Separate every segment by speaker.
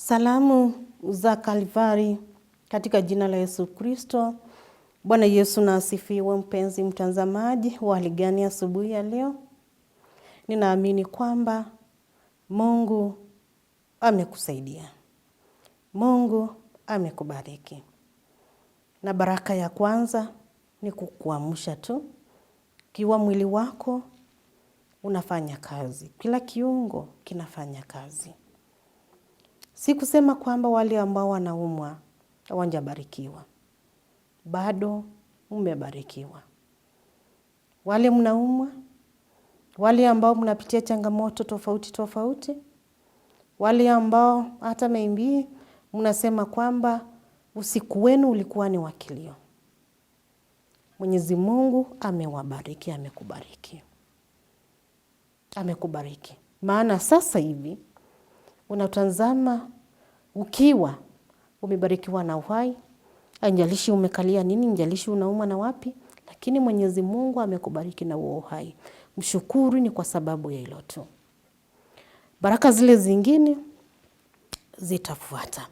Speaker 1: Salamu za Kalvari katika jina la Yesu Kristo. Bwana Yesu na asifiwe. Mpenzi mtazamaji wa Aligani, asubuhi ya leo, ninaamini kwamba Mungu amekusaidia, Mungu amekubariki, na baraka ya kwanza ni kukuamsha tu, kiwa mwili wako unafanya kazi, kila kiungo kinafanya kazi Si kusema kwamba wale ambao wanaumwa hawajabarikiwa, bado mmebarikiwa. Wale mnaumwa, wale ambao mnapitia changamoto tofauti tofauti, wale ambao hata maybe mnasema kwamba usiku wenu ulikuwa ni wa kilio, Mwenyezi Mungu amewabariki, amekubariki, amekubariki, maana sasa hivi unatazama ukiwa umebarikiwa na uhai, anjalishi umekalia nini, njalishi unauma na wapi, lakini Mwenyezi Mungu amekubariki na huo uhai. Mshukuru, ni kwa sababu ya hilo tu. Baraka zile zingine zitafuata,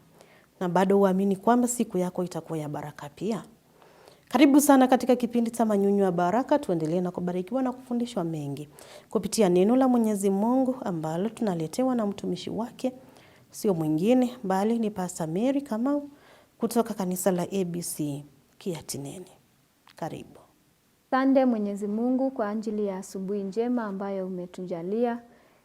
Speaker 1: na bado uamini kwamba siku yako itakuwa ya baraka pia. Karibu sana katika kipindi cha Manyunyu ya Baraka. Tuendelee na kubarikiwa na kufundishwa mengi kupitia neno la Mwenyezi Mungu ambalo tunaletewa na mtumishi wake sio mwingine bali ni Pastor Mary Kamau kutoka kanisa la ABC Kiatineni. Karibu.
Speaker 2: Sande Mwenyezi Mungu kwa ajili ya asubuhi njema ambayo umetujalia.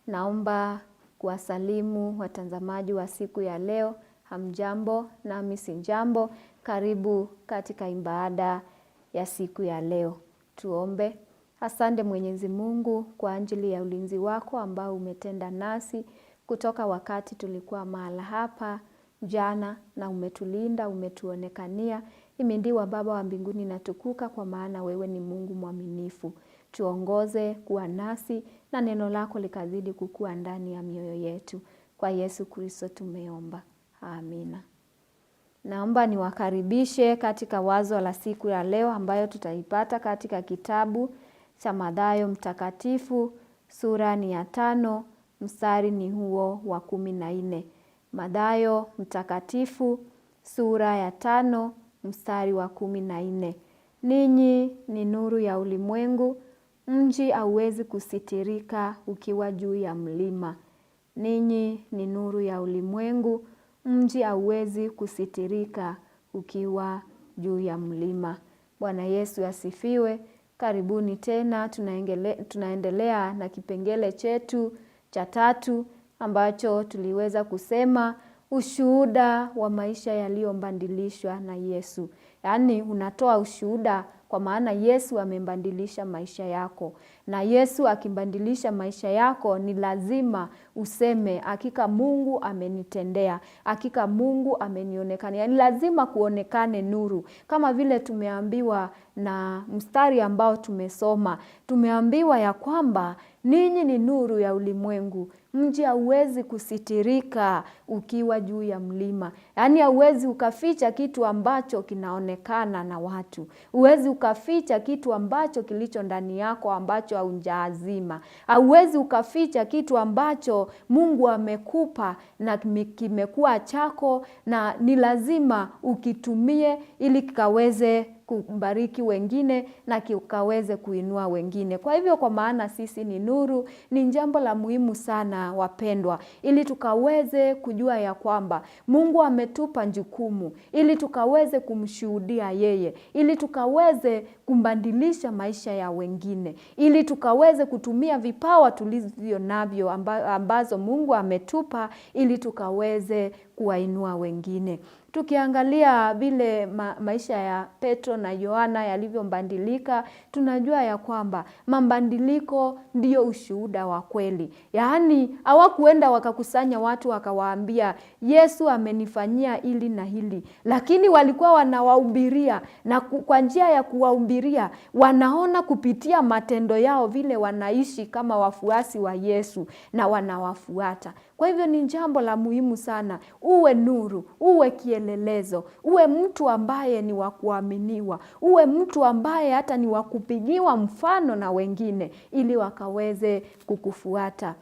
Speaker 2: Naomba kuwasalimu watazamaji wa siku ya leo. Hamjambo nami si jambo. Karibu katika ibada ya siku ya leo. Tuombe. Asante Mwenyezi Mungu kwa ajili ya ulinzi wako ambao umetenda nasi kutoka wakati tulikuwa mahala hapa jana, na umetulinda, umetuonekania. Mimi ndiwa Baba wa mbinguni natukuka, kwa maana wewe ni Mungu mwaminifu. Tuongoze kuwa nasi na neno lako likazidi kukua ndani ya mioyo yetu. Kwa Yesu Kristo tumeomba, amina. Naomba niwakaribishe katika wazo la siku ya leo ambayo tutaipata katika kitabu cha Mathayo Mtakatifu, sura ni ya tano mstari ni huo wa kumi na nne. Mathayo mtakatifu sura ya tano mstari wa kumi na nne. Ninyi ni nuru ya ulimwengu. Mji hauwezi kusitirika ukiwa juu ya mlima. Ninyi ni nuru ya ulimwengu. Mji hauwezi kusitirika ukiwa juu ya mlima. Bwana Yesu asifiwe. Karibuni tena, tunaendelea na kipengele chetu cha tatu ambacho tuliweza kusema ushuhuda wa maisha yaliyobadilishwa na Yesu, yaani unatoa ushuhuda kwa maana Yesu amebadilisha maisha yako, na Yesu akibadilisha maisha yako ni lazima useme hakika Mungu amenitendea, hakika Mungu amenionekana. Yaani lazima kuonekane nuru, kama vile tumeambiwa na mstari ambao tumesoma, tumeambiwa ya kwamba ninyi ni nuru ya ulimwengu. Mji hauwezi kusitirika ukiwa juu ya mlima, yaani hauwezi ukaficha kitu ambacho kinaonekana na watu. Huwezi ukaficha kitu ambacho kilicho ndani yako ambacho haujaazima. Hauwezi ukaficha kitu ambacho Mungu amekupa na kimekuwa chako, na ni lazima ukitumie ili kikaweze kubariki wengine na kikaweze kuinua wengine. Kwa hivyo, kwa maana sisi ni nuru, ni jambo la muhimu sana wapendwa, ili tukaweze kujua ya kwamba Mungu ametupa jukumu, ili tukaweze kumshuhudia yeye, ili tukaweze kumbadilisha maisha ya wengine, ili tukaweze kutumia vipawa tulivyo navyo ambazo Mungu ametupa, ili tukaweze kuwainua wengine. Tukiangalia vile ma maisha ya Petro na Yohana yalivyombadilika, tunajua ya kwamba mabadiliko ndiyo ushuhuda wa kweli. Yaani hawakuenda wakakusanya watu wakawaambia Yesu amenifanyia hili na hili, lakini walikuwa wanawahubiria na kwa njia ya kuwahubiria wanaona kupitia matendo yao vile wanaishi kama wafuasi wa Yesu na wanawafuata. Kwa hivyo ni jambo la muhimu sana, uwe nuru, uwe kiele kielelezo, uwe mtu ambaye ni wa kuaminiwa, uwe mtu ambaye hata ni wa kupigiwa mfano na wengine ili wakaweze kukufuata.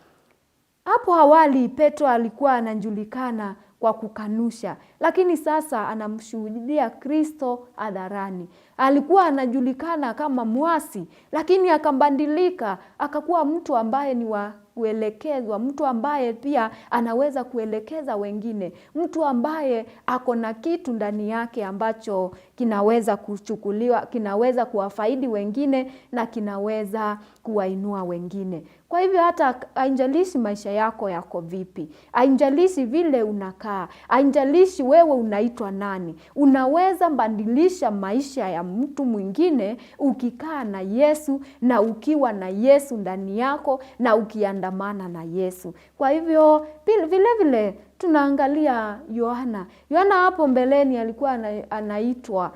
Speaker 2: Hapo awali Petro alikuwa anajulikana kwa kukanusha, lakini sasa anamshuhudia Kristo hadharani. Alikuwa anajulikana kama mwasi, lakini akabadilika akakuwa mtu ambaye ni wa kuelekezwa, mtu ambaye pia anaweza kuelekeza wengine, mtu ambaye ako na kitu ndani yake ambacho kinaweza kuchukuliwa, kinaweza kuwafaidi wengine na kinaweza kuwainua wengine. Kwa hivyo hata ainjalishi maisha yako yako vipi, ainjalishi vile unakaa, ainjalishi wewe unaitwa nani, unaweza badilisha maisha ya mtu mwingine ukikaa na Yesu na ukiwa na Yesu ndani yako na ukiandamana na Yesu. Kwa hivyo vile vile tunaangalia Yohana. Yohana hapo mbeleni alikuwa anaitwa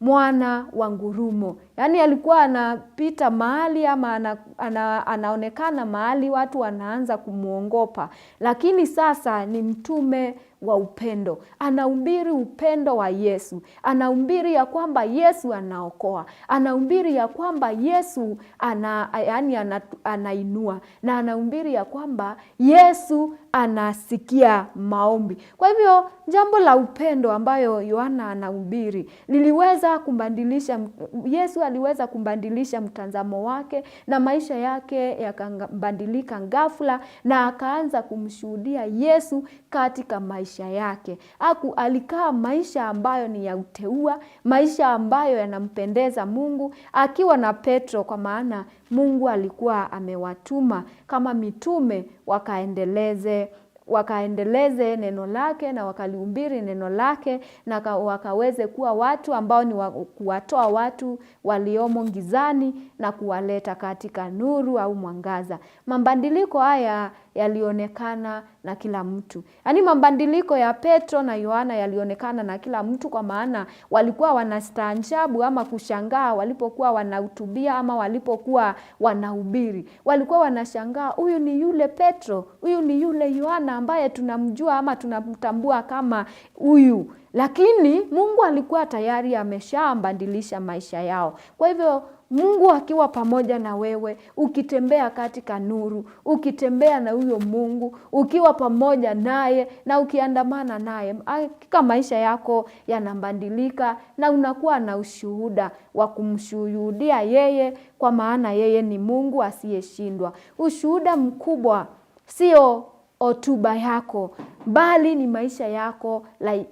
Speaker 2: mwana wa ngurumo. Yaani alikuwa anapita mahali ama ana, ana, anaonekana mahali watu wanaanza kumwongopa, lakini sasa ni mtume wa upendo. Anahubiri upendo wa Yesu, anahubiri ya kwamba Yesu anaokoa, anahubiri ya kwamba Yesu ana, yani ana, anainua na anahubiri ya kwamba Yesu anasikia maombi. Kwa hivyo jambo la upendo ambayo Yohana anahubiri liliweza kumbadilisha Yesu aliweza kumbadilisha mtazamo wake na maisha yake yakabadilika ghafla, na akaanza kumshuhudia Yesu katika maisha yake. Aku alikaa maisha ambayo ni ya uteua, maisha ambayo yanampendeza Mungu akiwa na Petro, kwa maana Mungu alikuwa amewatuma kama mitume wakaendeleze wakaendeleze neno lake na wakaliumbiri neno lake na wakaweze kuwa watu ambao ni kuwatoa watu waliomo gizani na kuwaleta katika nuru au mwangaza. Mabadiliko haya yalionekana na kila mtu. Yaani mabadiliko ya Petro na Yohana yalionekana na kila mtu, kwa maana walikuwa wanastaajabu ama kushangaa walipokuwa wanahutubia ama walipokuwa wanahubiri. Walikuwa wanashangaa, huyu ni yule Petro, huyu ni yule Yohana ambaye tunamjua ama tunamtambua kama huyu lakini Mungu alikuwa tayari ameshambadilisha maisha yao. Kwa hivyo Mungu akiwa pamoja na wewe, ukitembea katika nuru, ukitembea na huyo Mungu, ukiwa pamoja naye na ukiandamana naye, hakika maisha yako yanabadilika na unakuwa na ushuhuda wa kumshuhudia yeye, kwa maana yeye ni Mungu asiyeshindwa. Ushuhuda mkubwa sio hotuba yako, bali ni maisha yako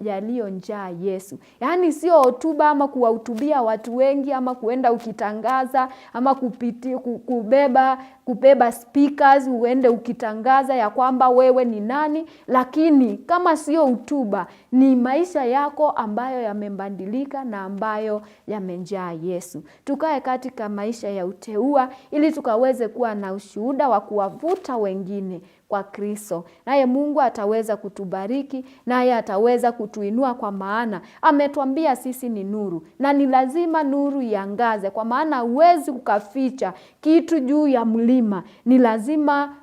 Speaker 2: yaliyonjaa Yesu. Yaani sio hotuba ama kuwahutubia watu wengi ama kuenda ukitangaza ama kupiti, kubeba kubeba speakers uende ukitangaza ya kwamba wewe ni nani, lakini kama sio hutuba ni maisha yako ambayo yamebandilika na ambayo yamenjaa Yesu. Tukae katika maisha ya uteua ili tukaweze kuwa na ushuhuda wa kuwavuta wengine kwa Kristo, naye Mungu ataweza kutubariki, naye ataweza kutuinua, kwa maana ametuambia sisi ni nuru, na ni lazima nuru iangaze, kwa maana huwezi ukaficha kitu juu ya mlima. Ni lazima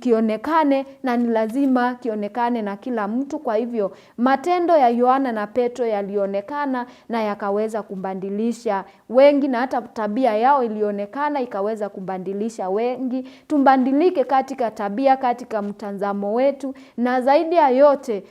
Speaker 2: kionekane na ni lazima kionekane na kila mtu. Kwa hivyo matendo ya Yohana na Petro yalionekana na yakaweza kumbadilisha wengi, na hata tabia yao ilionekana ikaweza kumbadilisha wengi. Tumbandilike katika tabia, katika mtazamo wetu, na zaidi ya yote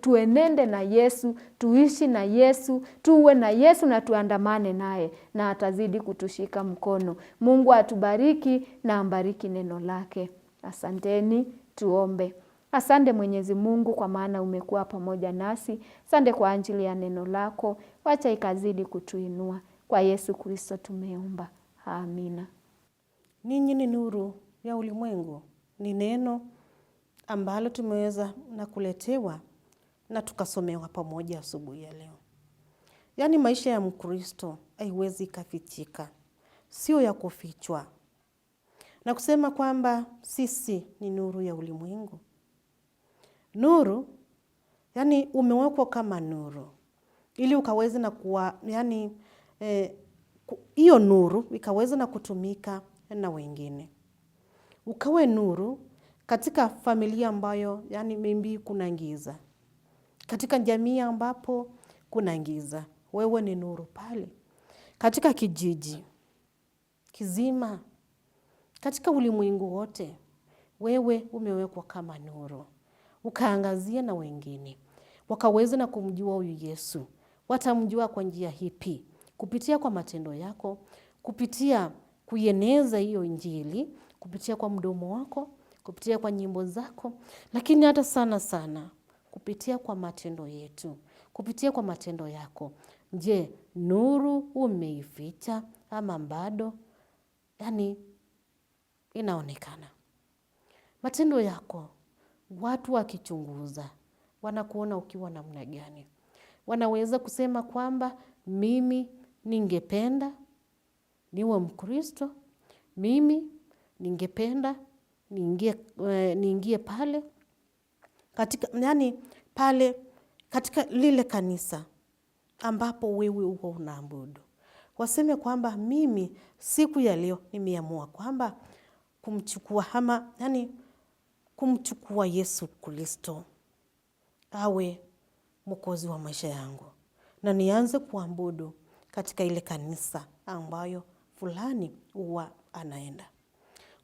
Speaker 2: tuenende na Yesu tuishi na Yesu, tuwe na Yesu na tuandamane naye, na atazidi kutushika mkono. Mungu atubariki na ambariki neno lake. Asanteni, tuombe. Asante Mwenyezi Mungu kwa maana umekuwa pamoja nasi. Asante kwa ajili ya neno lako, wacha ikazidi kutuinua. Kwa Yesu Kristo tumeomba, amina.
Speaker 1: Ninyi ni nuru ya ulimwengu, ni neno ambalo tumeweza na kuletewa na tukasomewa pamoja asubuhi ya leo. Yaani maisha ya Mkristo haiwezi ikafichika, sio ya kufichwa, na kusema kwamba sisi ni nuru ya ulimwengu. Nuru yani umewekwa kama nuru ili ukaweze na kuwa yani eh, hiyo eh, nuru ikaweza na kutumika na wengine, ukawe nuru katika familia ambayo yani mimbi kuna ngiza katika jamii ambapo kuna giza, wewe ni nuru pale. Katika kijiji kizima, katika ulimwengu wote, wewe umewekwa kama nuru, ukaangazia na wengine wakaweza na kumjua huyu Yesu. Watamjua kwa njia hipi? Kupitia kwa matendo yako, kupitia kuieneza hiyo Injili, kupitia kwa mdomo wako, kupitia kwa nyimbo zako, lakini hata sana sana kupitia kwa matendo yetu, kupitia kwa matendo yako. Je, nuru umeificha ama bado? Yani inaonekana matendo yako, watu wakichunguza wanakuona ukiwa namna gani. Wanaweza kusema kwamba mimi ningependa niwe Mkristo, mimi ningependa niingie, uh, niingie pale katika, yani pale katika lile kanisa ambapo wewe uko unaabudu, waseme kwamba mimi siku ya leo nimeamua kwamba kumchukua ama yani kumchukua Yesu Kristo awe mwokozi wa maisha yangu, na nianze kuambudu katika ile kanisa ambayo fulani huwa anaenda,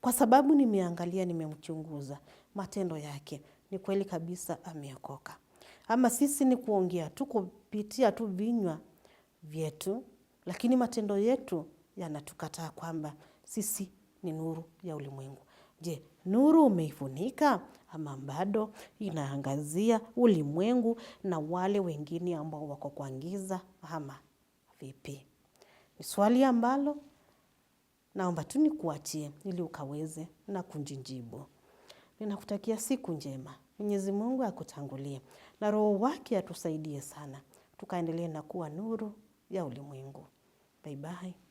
Speaker 1: kwa sababu nimeangalia, nimemchunguza matendo yake, ni kweli kabisa ameokoka. Ama sisi ni kuongea tu kupitia tu vinywa vyetu, lakini matendo yetu yanatukataa kwamba sisi ni nuru ya ulimwengu. Je, nuru umeifunika ama bado inaangazia ulimwengu na wale wengine ambao wako kwa giza ama vipi? Ni swali ambalo naomba tu nikuachie ili ukaweze na kunjijibu. Ninakutakia siku njema. Mwenyezi Mungu akutangulie na Roho wake atusaidie sana, tukaendelee na kuwa nuru ya ulimwengu. Baibai.